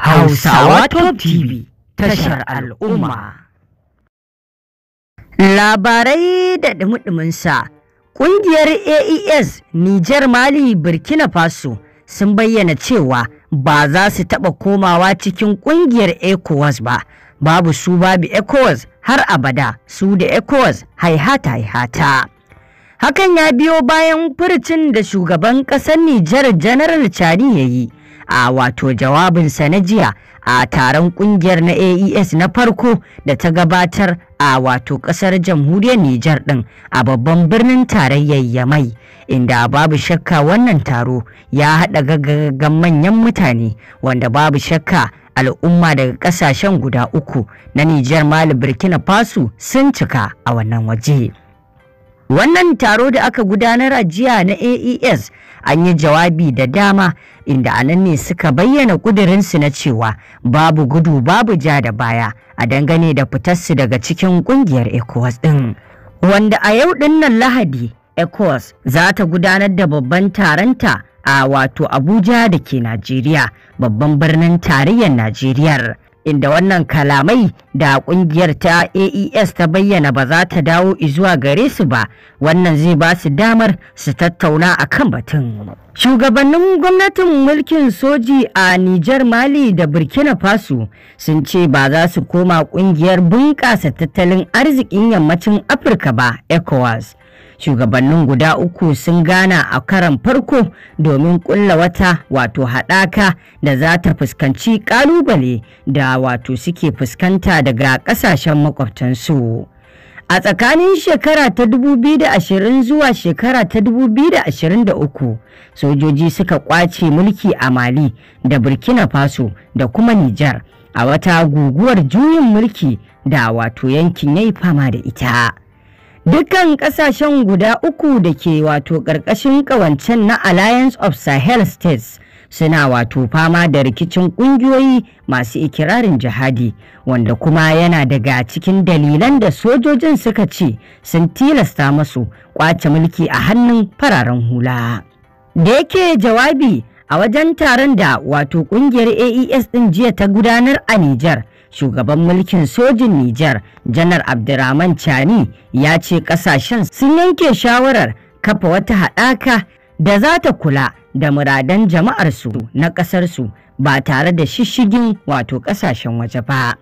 Hausawa Top TV tashar al'umma. Labarai da ɗumi ƙungiyar AES Nijar Mali Burkina Faso sun bayyana cewa ba za su taɓa komawa cikin ƙungiyar ECOWAS ba, babu su babu ECOWAS har abada su da ECOWAS haihata haihata. Hakan ya biyo bayan furcin da shugaban ƙasar Nijar Janaral Chadi ya yi. a wato jawabinsa na jiya a taron kungiyar na AES na farko da ta gabatar a wato kasar jamhuriyar Nijar din a babban birnin tarayyar Yamai inda babu shakka wannan taro ya haɗa gaggagan manyan mutane wanda babu shakka al'umma daga ƙasashen guda uku na Nijar Mali Burkina Faso sun cika a wannan waje. Wannan taro da aka gudanar a jiya na AES an yi jawabi da dama inda anan ne suka bayyana ƙudurinsu na cewa babu gudu babu ja da baya a dangane da fitarsu daga cikin ƙungiyar ECOWAS ɗin. Wanda a yau ɗin nan Lahadi, ECOWAS za ta gudanar da babban taronta a wato Abuja da ke Najeriya, babban birnin tarayyar Najeriyar. inda wannan kalamai da kungiyar ta AES ta bayyana ba za ta dawo izuwa gare su ba wannan zai ba su damar su tattauna a kan batun. Shugabannin gwamnatin mulkin soji a Nijar Mali da Burkina Faso sun ce ba za su koma kungiyar bunƙasa tattalin arzikin yammacin Afirka ba ECOWAS shugabannin guda uku sun gana a karan farko domin kulla wata wato haɗaka da za ta fuskanci ƙalubale da wato suke fuskanta daga ƙasashen makwabtansu. A tsakanin shekara ta 2020 zuwa shekara ta 2023, sojoji suka ƙwace mulki a Mali da Burkina Faso da kuma Nijar a wata guguwar juyin mulki da wato yankin ya yi fama da ita. Dukkan kasashen guda uku da ke wato ƙarƙashin ƙawancen na Alliance of Sahel States suna wato fama da rikicin ƙungiyoyi masu ikirarin jihadi wanda kuma yana daga cikin dalilan da sojojin suka ce sun tilasta masu ƙwace mulki a hannun fararen hula. Da yake jawabi a wajen taron da wato ƙungiyar AES ɗin jiya ta gudanar a Nijar. shugaban mulkin sojin Nijar, Janar Abdurrahman Chani ya ce kasashen sun yanke shawarar kafa wata haɗaka da za ta kula da muradan jama'arsu na ƙasarsu ba tare da shishigin wato ƙasashen waje ba.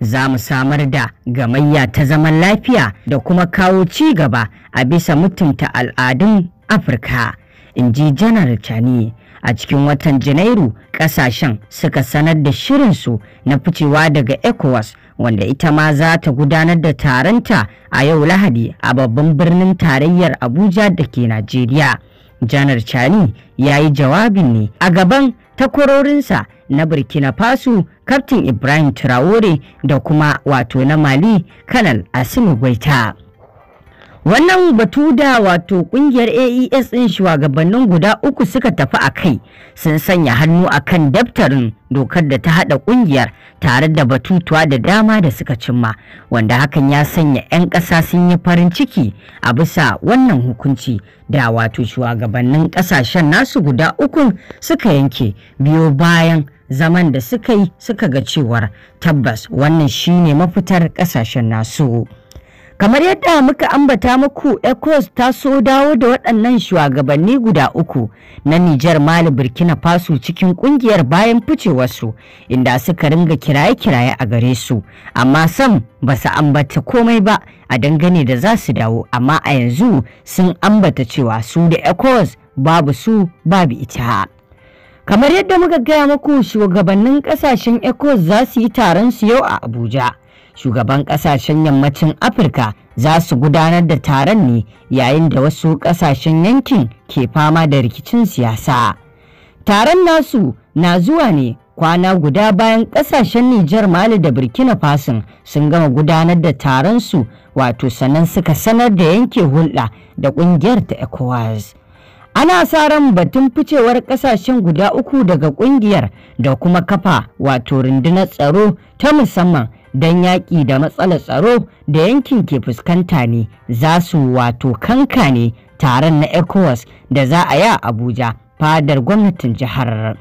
Za mu samar da gamayya ta zaman lafiya da kuma kawo ci gaba a bisa mutunta al'adun Afirka, in ji Janar Chani. a cikin watan janairu kasashen suka sanar da shirinsu na ficewa daga ecowas wanda ita ma za ta gudanar da taronta a yau lahadi a babban birnin tarayyar abuja da ke najeriya janar chani ya yi jawabin ne a gaban takwarorinsa na burkina faso kaftin ibrahim traore da kuma wato na mali kanal asimu gwaita Wannan batu da wato kungiyar AES ɗin shugabannin guda uku suka tafi a kai sun sanya hannu a kan daftarin dokar da ta haɗa kungiyar tare da batutuwa da dama da suka cimma wanda hakan ya sanya 'yan ƙasa sun yi farin ciki a bisa wannan hukunci da wato shugabannin ƙasashen nasu guda ukun suka yanke biyo bayan zaman da suka yi suka ga cewar tabbas wannan shine mafitar ƙasashen nasu. Kamar yadda muka ambata muku ecos ta so dawo da waɗannan shugabanni guda uku na Nijar Mali Burkina Faso cikin ƙungiyar bayan ficewarsu inda suka ringa kiraye-kiraye a gare su. Amma sam ba su ambata komai ba a dangane da za su dawo amma a yanzu sun ambata cewa su da ecos babu su babu ita. Kamar yadda muka gaya muku shugabannin kasashen ecos za su yi taron su yau a Abuja. shugaban kasashen yammacin afirka za su gudanar da taron ne yayin da wasu kasashen yankin ke fama da rikicin siyasa taron nasu na zuwa ne kwana guda bayan kasashen nijar mali da burkina faso sun gama gudanar da taron su wato sannan suka sanar da yanke hulɗa da ƙungiyar ta ecowas ana sa ran batun ficewar kasashen guda uku daga ƙungiyar da kuma kafa wato rundunar tsaro ta musamman don yaƙi da matsalar tsaro da yankin ke fuskanta ne za su wato kanka ne taron na ecowas da za a yi a abuja fadar gwamnatin jihar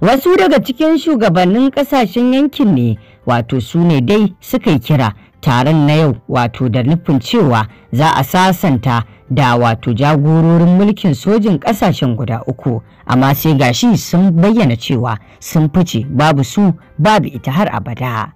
wasu daga cikin shugabannin kasashen yankin ne wato su ne dai suka yi kira taron na yau wato da nufin cewa za a sasanta da wato jagororin mulkin sojin kasashen guda uku amma sai gashi sun bayyana cewa sun fice babu su babu ita har abada.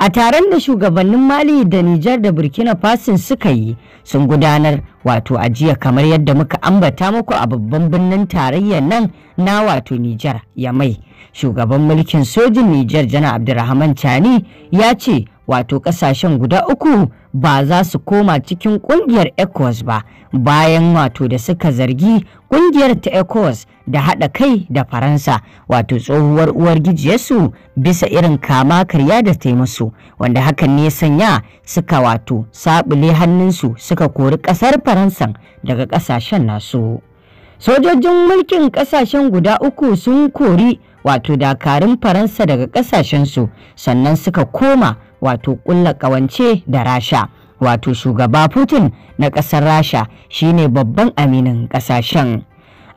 a taron da shugabannin mali da nijar da burkina faso suka yi sun gudanar wato ajiya kamar yadda muka ambata muku a babban birnin tarayya nan na wato nijar ya mai shugaban mulkin sojin nijar jana abdurrahman chani ya ce wato kasashen guda uku ba za su koma cikin kungiyar ECOWAS ba bayan wato da suka zargi kungiyar ta ECOWAS da haɗa kai da Faransa wato tsohuwar uwar gijiyarsu bisa irin kama karya da ta musu wanda hakan ne sanya suka wato sabule hannunsu suka kori ƙasar faransa daga ƙasashen nasu. Sojojin mulkin ƙasashen guda uku sun kori wato dakarun Faransa daga ƙasashensu sannan suka koma wato kulla kawance da rasha wato shugaba putin na kasar rasha shine babban aminin kasashen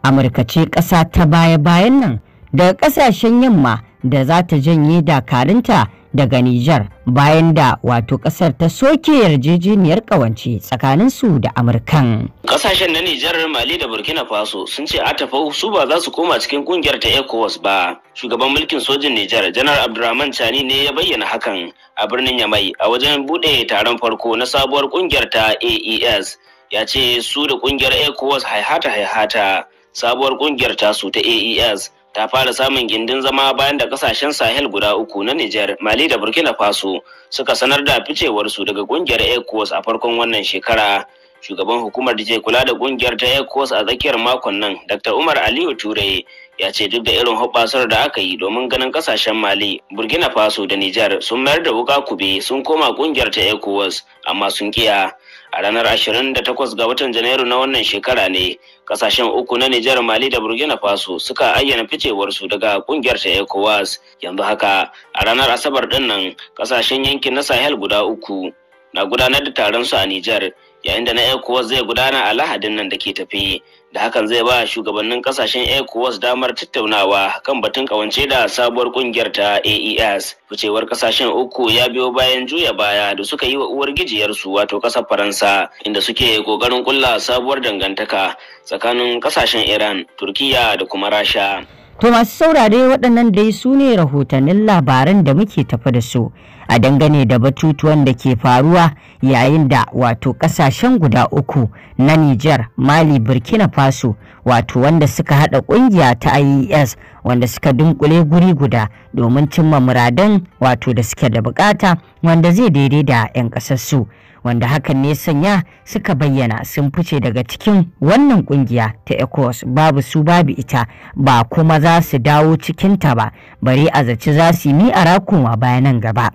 amurka ce kasa ta baya-bayan nan daga kasashen yamma da za ta janye dakarunta daga Nijar bayan da wato kasar ta soke yarjejeniyar kawance tsakanin su da Amurkan. Kasashen na Nijar, Mali da Burkina Faso sun ce atafau su ba za su koma cikin kungiyar ta ECOWAS ba. Shugaban mulkin sojin Nijar, Janar Abdurrahman Chani ne ya bayyana hakan a birnin Yamai a wajen bude taron farko na sabuwar kungiyar ta AES. Ya ce su da kungiyar ECOWAS haihata haihata sabuwar kungiyar tasu ta AES ta fara samun gindin zama bayan da kasashen sahel guda uku na Nijar, Mali da Burkina Faso suka sanar da ficewarsu daga kungiyar ECOWAS a farkon wannan shekara. Shugaban hukumar da ke kula da kungiyar ta ECOWAS a tsakiyar makon nan, Dr. Umar Aliyu Ture ya ce duk da irin hoɓɓasar da aka yi domin ganin kasashen mali burkina faso da nijar sun mayar da wuka kube sun koma kungiyar ta ecowas amma sun kiya a ranar 28 ga watan janairu na wannan shekara ne kasashen uku na nijar mali da burkina faso suka ayyana ficewarsu daga kungiyar ta ecowas yanzu haka a ranar asabar ɗinnan, nan kasashen yankin na sahel guda uku na gudanar da taron su a nijar yayin da na ecowas zai gudana a lahadin nan da ke tafi da hakan zai ba shugabannin kasashen ecowas damar tattaunawa kan batun kawance da sabuwar kungiyar ta aes ficewar kasashen uku ya biyo bayan juya baya da suka yi wa uwar gijiyarsu wato kasar faransa inda suke kokarin kulla sabuwar dangantaka tsakanin kasashen iran turkiya da kuma rasha to masu saurare waɗannan dai su ne rahotannin labaran da muke tafi da su a dangane da batutuwan da ke faruwa yayin da wato kasashen guda uku na Nijar, Mali, Burkina Faso wato wanda suka hada kungiya ta IES wanda suka dunkule guri guda domin cimma muradan wato da suke da bukata wanda zai daidai da 'yan kasarsu. wanda hakan ne sanya suka bayyana sun fice daga cikin wannan kungiya ta ECOWAS babu su babu ita ba kuma za su dawo cikinta ba bare a zaci za su yi mi a baya bayanan gaba.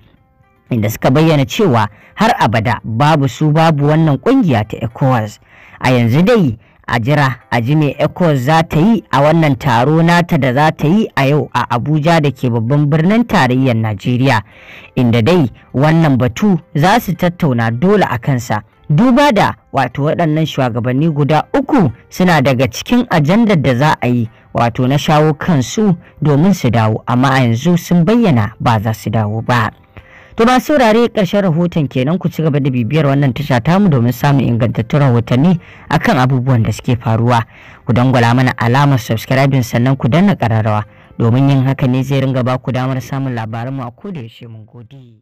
inda suka bayyana cewa har abada babu su babu wannan kungiya ta ECOWAS. A yanzu dai a jira a ji me ECOWAS za ta yi a wannan taro nata da za ta yi a yau a Abuja da ke babban birnin tarayyar Najeriya, inda dai wannan batu za su tattauna dole a kansa. Duba da wato waɗannan shugabanni guda uku suna daga cikin ajandar da za a yi wato na shawo kansu domin su dawo amma a yanzu sun bayyana ba za su dawo ba. To ba saurare ƙarshen rahoton kenan ku ci gaba da bibiyar wannan tasha mu domin samun ingantattun rahotanni akan abubuwan da suke faruwa. Ku dangwala mana alamar subscribing sannan ku danna ƙararrawa domin yin haka ne zai ringa ba ku damar samun labaran mu a koda yaushe mun gode.